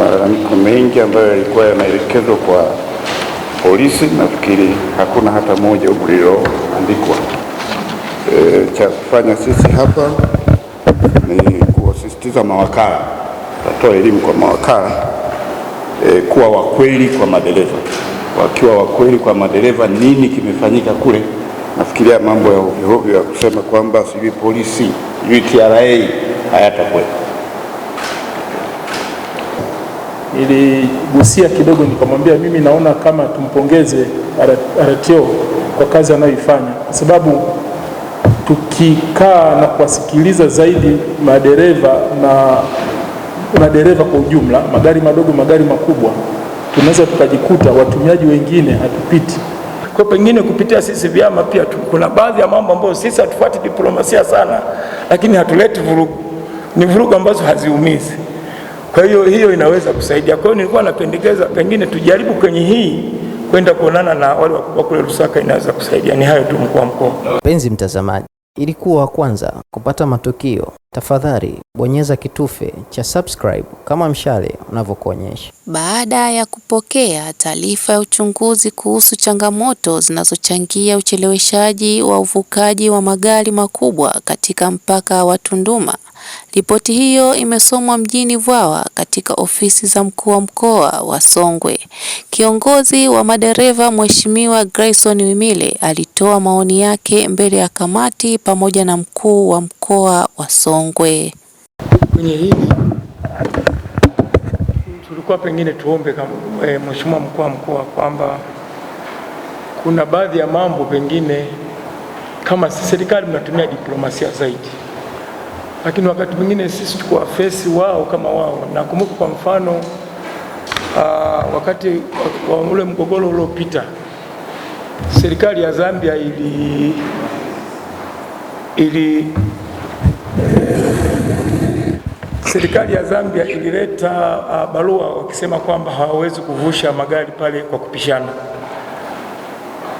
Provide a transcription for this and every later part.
malalamiko mengi ambayo yalikuwa yanaelekezwa kwa polisi, nafikiri hakuna hata moja huku lililoandikwa. E, cha kufanya sisi hapa ni kuwasisitiza mawakala, tatoa elimu kwa mawakala e, kuwa wakweli kwa madereva. Wakiwa wakweli kwa madereva, nini kimefanyika kule? Nafikiria mambo ya hovyohovyo ya kusema kwamba sijui polisi sijui TRA hayatakuwepo. niligusia kidogo, nikamwambia mimi naona kama tumpongeze RTO kwa kazi anayoifanya, kwa sababu tukikaa na kuwasikiliza zaidi madereva na madereva kwa ujumla, magari madogo, magari makubwa, tunaweza tukajikuta watumiaji wengine hatupiti kwa pengine kupitia sisi vyama pia tu, kuna baadhi ya mambo ambayo sisi hatufuati diplomasia sana, lakini hatuleti vurugu. Ni vurugu ambazo haziumizi. Kwa hiyo hiyo inaweza kusaidia. Kwa hiyo nilikuwa napendekeza pengine tujaribu kwenye hii kwenda kuonana na wale wakubwa kule Lusaka, inaweza kusaidia. Ni hayo tu, mkuu wa mkoa. Mpenzi mtazamaji, ili kuwa wa kwanza kupata matukio, tafadhali bonyeza kitufe cha subscribe kama mshale unavyokuonyesha. Baada ya kupokea taarifa ya uchunguzi kuhusu changamoto zinazochangia ucheleweshaji wa uvukaji wa magari makubwa katika mpaka wa Tunduma Ripoti hiyo imesomwa mjini Vwawa katika ofisi za mkuu wa mkoa wa Songwe. Kiongozi wa madereva Mheshimiwa Grayson Wimile alitoa maoni yake mbele ya kamati pamoja na mkuu wa mkoa wa Songwe. Kwenye hili tulikuwa pengine tuombe e, Mheshimiwa mkuu wa mkoa kwamba kuna baadhi ya mambo pengine kama serikali mnatumia diplomasia zaidi lakini wakati mwingine sisi tukuwafesi wao kama wao. Nakumbuka kwa mfano uh, wakati wa ule mgogoro uliopita, serikali ya Zambia ili ili serikali ya Zambia ilileta uh, barua wakisema kwamba hawawezi kuvusha magari pale kwa kupishana.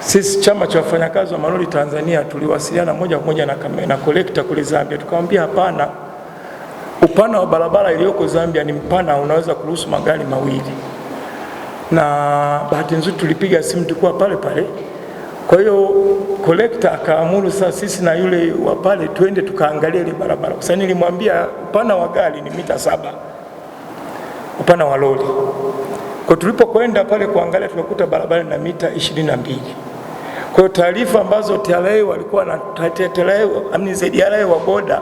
Sisi chama cha wafanyakazi wa malori Tanzania tuliwasiliana moja kwa moja na, na kolekta kule Zambia, tukamwambia hapana, upana wa barabara iliyoko Zambia ni mpana, unaweza kuruhusu magari mawili, na bahati nzuri tulipiga simu tukuwa pale pale. Kwa hiyo kolekta akaamuru sasa sisi na yule wa pale twende tukaangalia ile barabara. sababu nilimwambia upana wa gari ni mita saba upana wa lori. Kwa tulipokwenda pale kuangalia tukakuta barabara na mita ishirini na mbili. Kwa hiyo taarifa ambazo TRA walikuwa na TRA amini zaidi TRA wa boda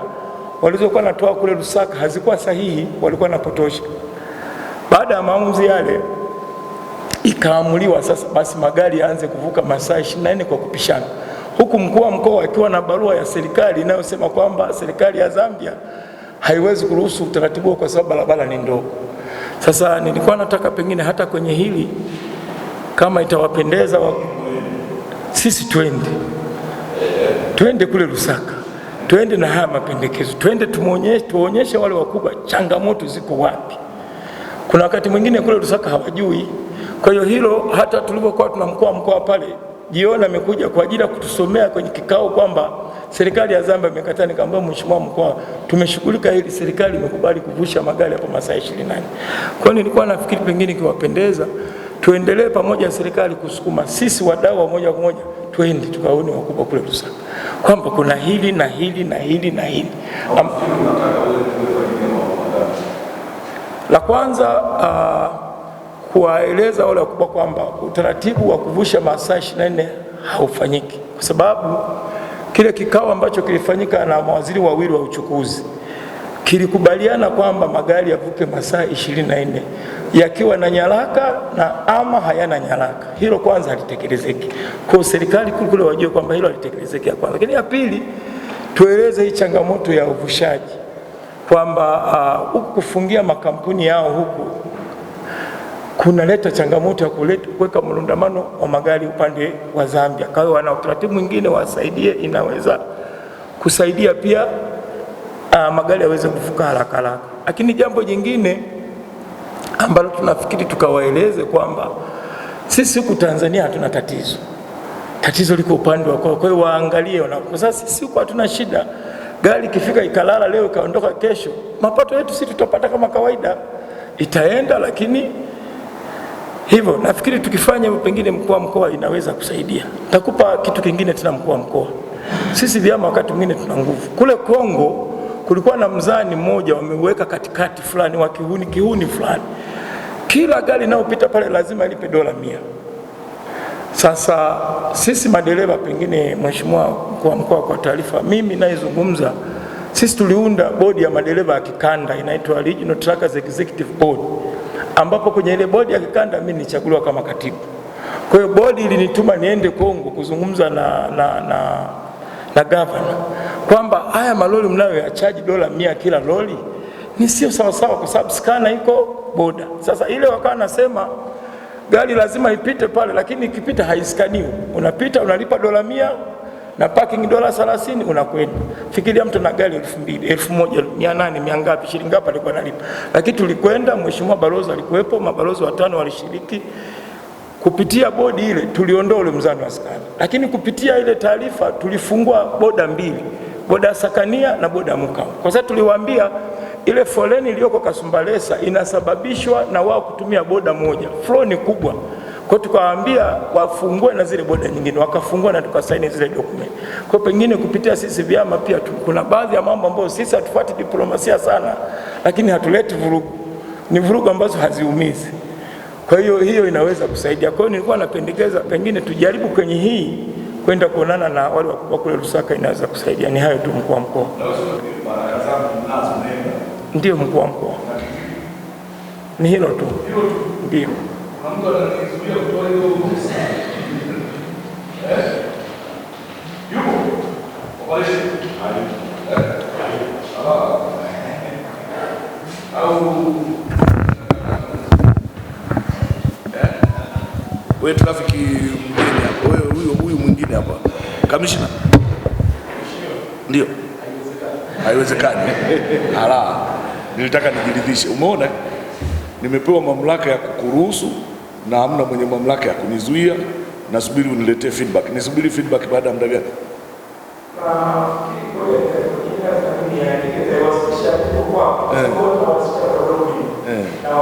walizokuwa natoa kule Lusaka hazikuwa sahihi, walikuwa napotosha. Baada ya maamuzi yale, ikaamuliwa sasa basi magari yaanze kuvuka masaa 24 kwa kupishana, huku mkuu wa mkoa akiwa na barua ya serikali inayosema kwamba serikali ya Zambia haiwezi kuruhusu utaratibu kwa sababu barabara ni ndogo. Sasa nilikuwa nataka pengine hata kwenye hili kama itawapendeza sisi twende twende kule Lusaka, twende na haya mapendekezo, twende tumuonyeshe, tuwaonyeshe wale wakubwa changamoto ziko wapi. Kuna wakati mwingine kule Lusaka hawajui. Kwa hiyo hilo, hata tulivyokuwa tuna mkoa mkoa pale, jiona amekuja kwa ajili ya kutusomea kwenye kikao kwamba serikali ya Zambia imekataa. Nikamwambia mheshimiwa mkoa, tumeshughulika hili, serikali imekubali kuvusha magari hapo masaa 28. Kwa hiyo nilikuwa nafikiri pengine ikiwapendeza tuendelee pamoja na serikali kusukuma, sisi wadau wa moja kwa moja twende tukaone wakubwa kule Lusaka kwamba kuna hili na hili na hili na hili Am... la kwanza uh, kuwaeleza wale wakubwa kwamba utaratibu wa kuvusha masaa 24 haufanyiki kwa sababu kile kikao ambacho kilifanyika na mawaziri wawili wa uchukuzi kilikubaliana kwamba magari yavuke masaa ishirini na nne yakiwa na nyaraka na ama hayana nyaraka. Hilo kwanza halitekelezeki, kwa serikali kule kule wajue kwamba hilo halitekelezeki ya kwanza. Lakini ya pili, tueleze hii changamoto ya uvushaji kwamba uh, kufungia makampuni yao huku kunaleta changamoto ya kuleta kuweka mlundamano wa magari upande wa Zambia. Kwa hiyo wana utaratibu mwingine wasaidie, inaweza kusaidia pia uh, magari yaweze kuvuka haraka haraka. Lakini jambo jingine ambalo tunafikiri tukawaeleze kwamba sisi huku Tanzania hatuna tatizo, tatizo liko upande wa kwao. Kwa hiyo waangalie, kwa sababu sisi huku hatuna shida. Gari ikifika ikalala leo ikaondoka kesho, mapato yetu sisi tutapata kama kawaida, itaenda lakini hivyo nafikiri tukifanya hivyo, pengine mkuu wa mkoa inaweza kusaidia. Takupa kitu kingine tena, mkuu wa mkoa, sisi vyama wakati mwingine tuna nguvu. Kule Kongo kulikuwa na mzani mmoja wameweka katikati fulani wa kihuni kihuni fulani, kila gari inayopita pale lazima ilipe dola mia. Sasa sisi madereva, pengine Mheshimiwa Mkuu wa Mkoa, kwa taarifa mimi nayezungumza, sisi tuliunda bodi ya madereva ya kikanda inaitwa Regional Truckers Executive Board, ambapo kwenye ile bodi ya kikanda mimi nilichaguliwa kama katibu. Kwa hiyo bodi ilinituma niende Kongo kuzungumza na, na, na na gavana kwamba haya maloli mnayo yachaji dola mia kila loli ni sio sawasawa, kwa sababu skana iko boda. Sasa ile wakawa nasema gari lazima ipite pale, lakini ikipita haiskaniwi. Unapita unalipa dola mia na parking dola 30 unakwenda. Fikiria mtu na gari elfu mbili elfu moja mia nane mia ngapi shilingi ngapi alikuwa analipa, lakini tulikwenda, mheshimiwa balozi alikuwepo, mabalozi watano walishiriki kupitia bodi ile tuliondoa ule mzani wa askari, lakini kupitia ile taarifa tulifungua boda mbili, boda Sakania na boda Mkao, kwa sababu tuliwaambia ile foleni iliyoko Kasumbalesa inasababishwa na wao kutumia boda moja, flow ni kubwa. Kwa tukawaambia wafungue na zile boda nyingine, wakafungua na tukasaini zile dokumenti. Kwa pengine kupitia sisi vyama pia tu, kuna baadhi ya mambo ambayo sisi hatufuati diplomasia sana, lakini hatuleti vurugu, ni vurugu ambazo haziumizi. Kwa hiyo hiyo inaweza kusaidia. Kwa hiyo nilikuwa napendekeza pengine tujaribu kwenye hii kwenda kuonana na wale wakubwa kule Lusaka, inaweza kusaidia. Ni hayo tu, mkuu wa mkoa. Ndio mkuu wa mkoa, ni hilo tu, ndio eh? wewe traffic mwingine hapo, wewe huyo huyo mwingine hapa, kamishna. Ndio, haiwezekani. Ala, nilitaka nijiridhishe. Umeona, nimepewa mamlaka ya kukuruhusu na hamna mwenye mamlaka ya kunizuia. Nasubiri uniletee feedback. Nisubiri feedback baada ya muda gani? Eh. Eh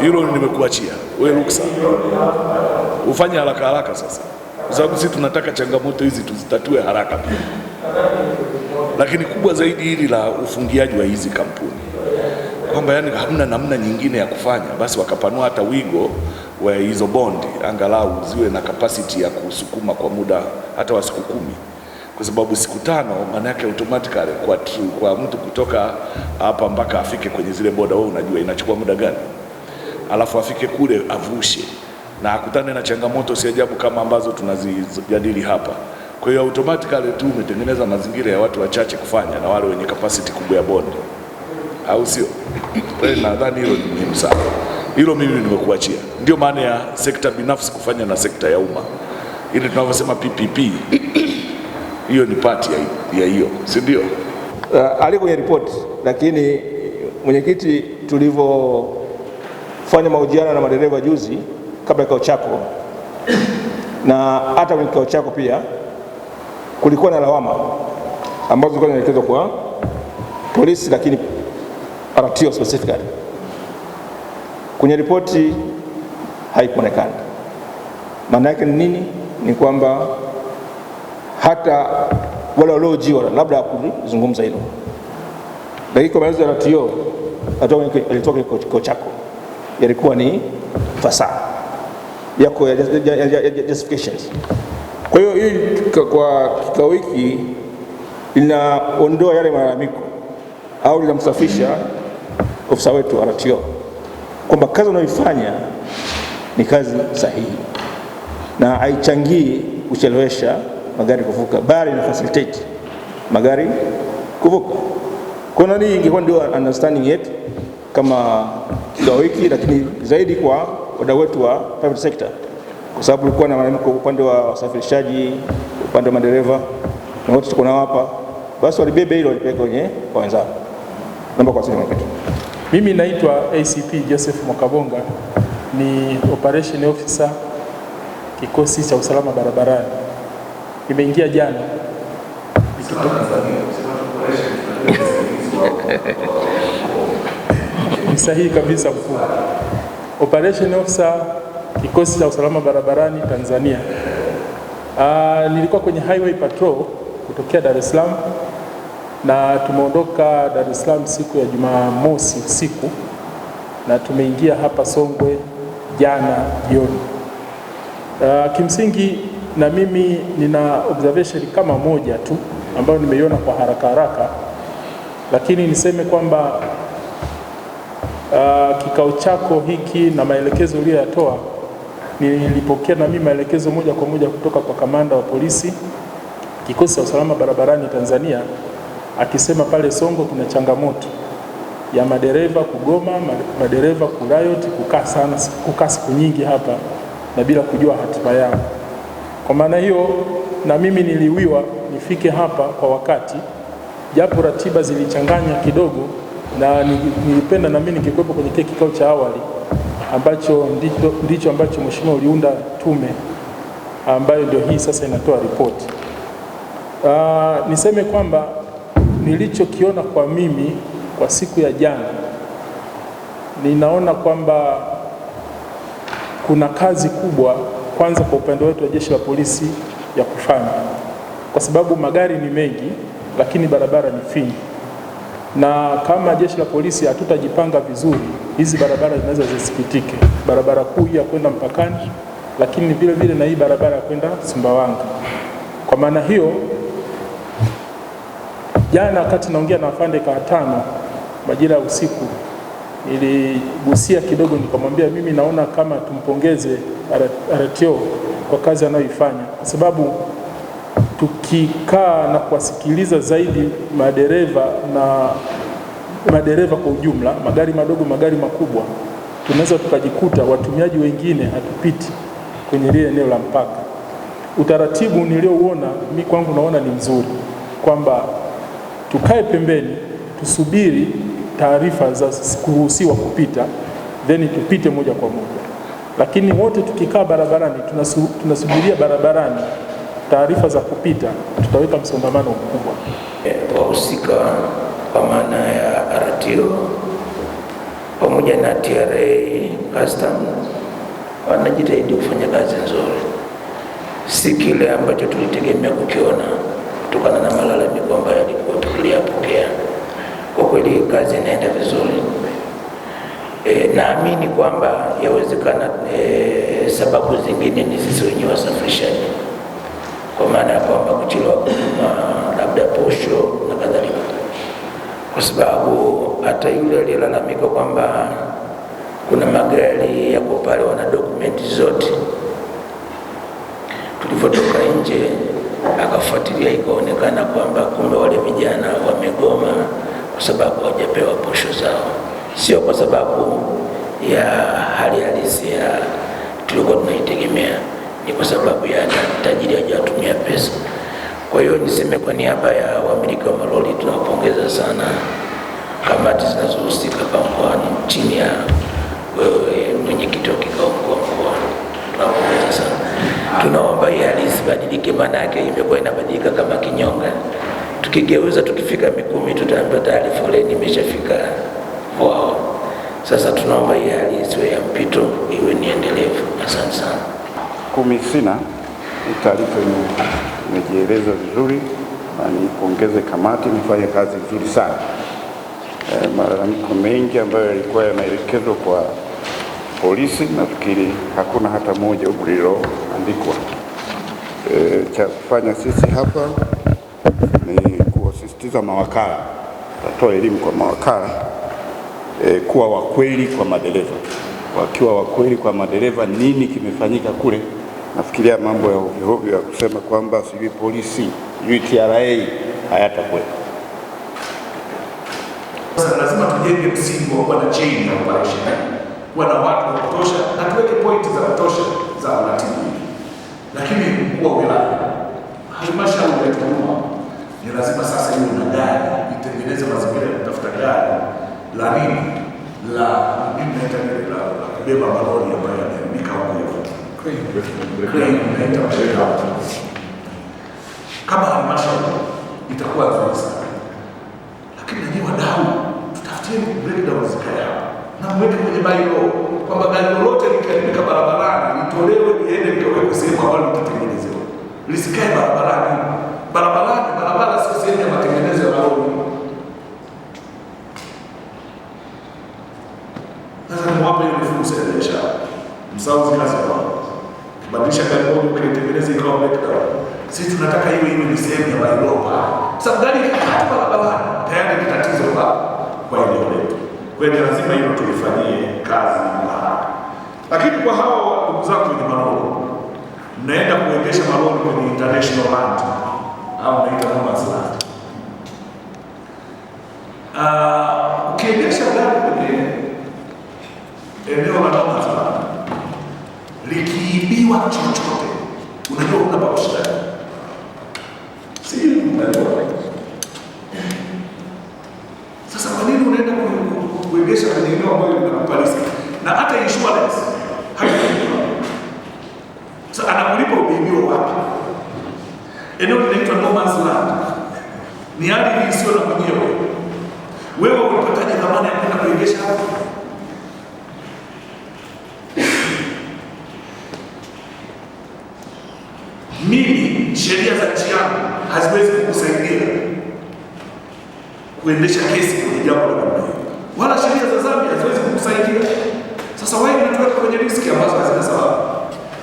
hilo nimekuachia wewe, ruksa ufanye haraka haraka sasa, kwa sababu sisi tunataka changamoto hizi tuzitatue haraka pia. Lakini kubwa zaidi hili la ufungiaji wa hizi kampuni kwamba yani hamna namna nyingine ya kufanya, basi wakapanua hata wigo wa hizo bondi, angalau ziwe na capacity ya kusukuma kwa muda hata wa siku kumi kwa sababu siku tano maana yake automatically kwa, kwa mtu kutoka hapa mpaka afike kwenye zile boda, wewe unajua inachukua muda gani? alafu afike kule avushe na akutane na changamoto si ajabu kama ambazo tunazijadili hapa. Kwa hiyo automatically tu umetengeneza mazingira ya watu wachache kufanya na wale wenye capacity kubwa ya bondi, au sio? Eh, nadhani hilo ni muhimu sana, hilo mimi nimekuachia. Ndio maana ya sekta binafsi kufanya na sekta ya umma, ili tunavyosema PPP hiyo ni pati ya hiyo, si ndio? Uh, ali kwenye ripoti, lakini mwenyekiti, tulivyo kufanya mahojiano na madereva juzi kabla ya kikao chako na hata kwenye kikao chako pia kulikuwa na lawama ambazo zilikuwa zinaelekezwa kwa polisi, lakini RTO specifically kwenye ripoti haikuonekana. Maana yake ni nini? Ni kwamba hata wale waliojiwa labda kuzungumza hilo, lakini kwa maelezo ya RTO alitoka kwenye kikao chako yalikuwa ni fasaha yako ya justifications. Kwa hiyo hii kwa kikao hiki linaondoa yale malalamiko au linamsafisha ofisa wetu RTO kwamba kazi unayoifanya ni kazi sahihi na haichangii kuchelewesha magari kuvuka, bali na facilitate magari kuvuka. Kwa nini ingekuwa ndio understanding yetu kama kikao hiki, lakini zaidi kwa wadau wetu wa private sector, kwa sababu kulikuwa na malalamiko upande wa wasafirishaji, upande wa madereva na wote tuko nao hapa, basi walibebe hilo walipeleka kwenye kwa wenzao. Naomba kwa mwenyekiti. Mimi naitwa ACP Joseph Mwakabonga, ni operation officer kikosi cha usalama barabarani. Nimeingia jana sahihi kabisa mkuu. Operation Officer kikosi cha usalama barabarani Tanzania. Aa, ah, nilikuwa kwenye highway patrol kutokea Dar es Salaam na tumeondoka Dar es Salaam siku ya Jumamosi usiku na tumeingia hapa Songwe jana jioni. Uh, kimsingi na mimi nina observation kama moja tu ambayo nimeiona kwa haraka haraka, lakini niseme kwamba Ah, kikao chako hiki na maelekezo uliyoyatoa, nilipokea na mimi maelekezo moja kwa moja kutoka kwa kamanda wa polisi kikosi cha usalama barabarani Tanzania, akisema pale Songo kuna changamoto ya madereva kugoma, madereva kuriot, kukaa sana, kukaa siku nyingi hapa na bila kujua hatima yao. Kwa maana hiyo, na mimi niliwiwa nifike hapa kwa wakati, japo ratiba zilichanganya kidogo na nilipenda nami ningekuwepo kwenye kile kikao cha awali ambacho ndicho, ndicho ambacho mheshimiwa uliunda tume ambayo ndio hii sasa inatoa ripoti. Uh, ah, niseme kwamba nilichokiona kwa mimi kwa siku ya jana, ninaona kwamba kuna kazi kubwa kwanza kwa upande wetu wa jeshi la polisi ya kufanya, kwa sababu magari ni mengi, lakini barabara ni finyu na kama jeshi la polisi hatutajipanga vizuri, hizi barabara zinaweza zisipitike, barabara kuu ya kwenda mpakani, lakini vile vile na hii barabara ya kwenda Sumbawanga. Kwa maana hiyo, jana wakati naongea na afande kaatano majira ya usiku niligusia kidogo, nikamwambia mimi naona kama tumpongeze RTO kwa kazi anayoifanya kwa sababu tukikaa na kuwasikiliza zaidi madereva na madereva kwa ujumla, magari madogo, magari makubwa, tunaweza tukajikuta watumiaji wengine hatupiti kwenye lile eneo la mpaka. Utaratibu niliouona mi kwangu naona ni mzuri, kwamba tukae pembeni tusubiri taarifa za kuruhusiwa kupita then tupite moja kwa moja, lakini wote tukikaa barabarani tunasubiria barabarani taarifa za kupita, tutaweka msongamano mkubwa. Wahusika kwa maana ya RTO pamoja na TRA custom wanajitahidi kufanya kazi nzuri, si kile ambacho tulitegemea kukiona kutokana na malalamiko ambayo yalikuwa tuliyapokea. Kwa kweli kazi inaenda vizuri. E, naamini kwamba yawezekana e, sababu zingine ni sisi wenyewe wasafirishaji kwa maana ya kwamba kuchelewa kutuma labda posho na kadhalika, kwa sababu hata yule aliyelalamika kwamba kuna magari yako pale, wana dokumenti zote, tulivyotoka nje akafuatilia ikaonekana kwamba kumbe wale vijana wamegoma kwa sababu hawajapewa posho zao, sio kwa sababu ya hali halisi ya tulikuwa tunaitegemea ni kwa sababu ya tajiri hajatumia pesa. Kwa hiyo niseme kwa niaba ya wamiliki wa malori tunawapongeza sana kamati zinazohusika pa mkoani chini ya wewe mwenyekiti wa kikao mkuu wa mkoa, tunawapongeza sana. Tunaomba hii hali isibadilike, maana yake imekuwa inabadilika kama kinyonga. Tukigeuza tukifika Mikumi tutaambiwa tayari foleni imeshafika wao. Sasa tunaomba hii hali isiwe ya mpito, iwe ni endelevu. Asante sana kumi sina. Taarifa imejieleza vizuri na nipongeze kamati, nifanye kazi vizuri sana. E, malalamiko mengi ambayo yalikuwa yanaelekezwa kwa polisi nafikiri hakuna hata moja huku lililoandikwa. E, cha kufanya sisi hapa ni kuwasisitiza mawakala, tatoa elimu kwa mawakala e, kuwa wakweli kwa madereva. Wakiwa wakweli kwa madereva, nini kimefanyika kule nafikiria mambo ya hovyo ya kusema kwamba sijui polisi sijui TRA hayatakuwepo. Sasa lazima tujenge msingi wa kuwa na chain ya operation, kuwa na watu wa kutosha na tuweke point za kutosha za uratibu Lakini mkuu wa wilaya, halmashauri ya ni lazima sasa iwe na gari, itengeneze mazingira ya kutafuta gari la nini la kubeba malori ambayo kama halmashauri itakuwa nzuri lakini nanyi wadau, tutafutieni breakdown zikae na mweke kwenye bailo kwamba gari lolote likaribika barabarani litolewe liende likawekwe sehemu ambalo litatengenezewa, lisikae barabarani. Barabarani, barabara sio sehemu ya matengenezo ya malori. Sasa niwape ile fursa ya biashara, msauzi kazi kubadilisha gari moja ukaitengeneza ikawa background. Sisi tunataka hiyo iwe ni sehemu ya Europa. Sasa gari hata barabarani tayari ni tatizo kwa kwa eneo letu. Kwa hiyo lazima hilo tulifanyie kazi kwa haraka. Lakini kwa hao ndugu zangu wenye malori, mnaenda kuendesha malori kwenye international land au naita kama land. Ah, ukiendesha gari kwenye eneo la likiibiwa chochote, unajua una pa Sasa kwa nini unaenda kuegesha kwenye eneo ambayo linakupa riski na hata insurance Sasa anakulipa wapi? Eneo linaitwa no man's land, ni ardhi isiyo na mwenye mimi sheria za nchi yangu haziwezi kukusaidia kuendesha kesi kwenye jambo la namna hiyo, wala sheria za Zambia haziwezi kukusaidia. Sasa wewe unatoka kwenye riski ambazo hazina sababu,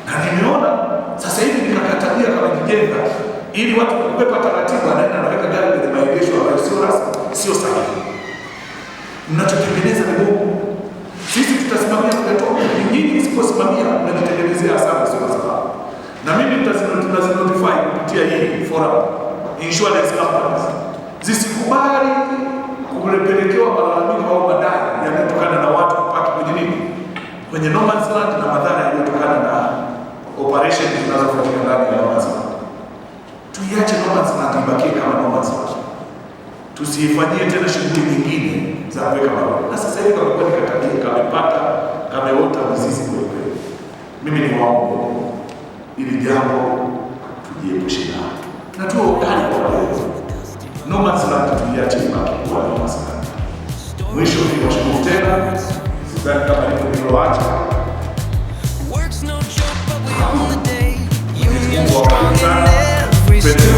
na nimeona sasa hivi nikakatalia kama kijenga ili watu kukwepa taratibu, anaenda anaweka gari kwenye maegesho ambayo sio rasmi, sio sahihi. Mnachotengeneza ni Mungu, sisi tutasimamia, tutatoa. Nyinyi isiposimamia mnajitengenezea hasara, sio sababu na mimi tutazinotify kupitia hii forum insurance companies zisikubali kulepelekewa malalamiko au madai yanayotokana na watu kupaki kwenye nini, kwenye no man's land na madhara yaliyotokana na operation zinazofanyika ndani ya no man's land. Tuiache no man's land ibakie kama no man's land, tusiifanyie tena shughuli nyingine za kuweka barabara. Na sasa hivi kwa kweli katabii kamepata kameota mizizi kweli Mimi ni waongo ili jambo tujiepushe nao na tuokane kwa Mungu. No man's land tuiache ibaki kuwa Mwisho ni washukuru tena, sidhani kama niko niloacha Mungu awabariki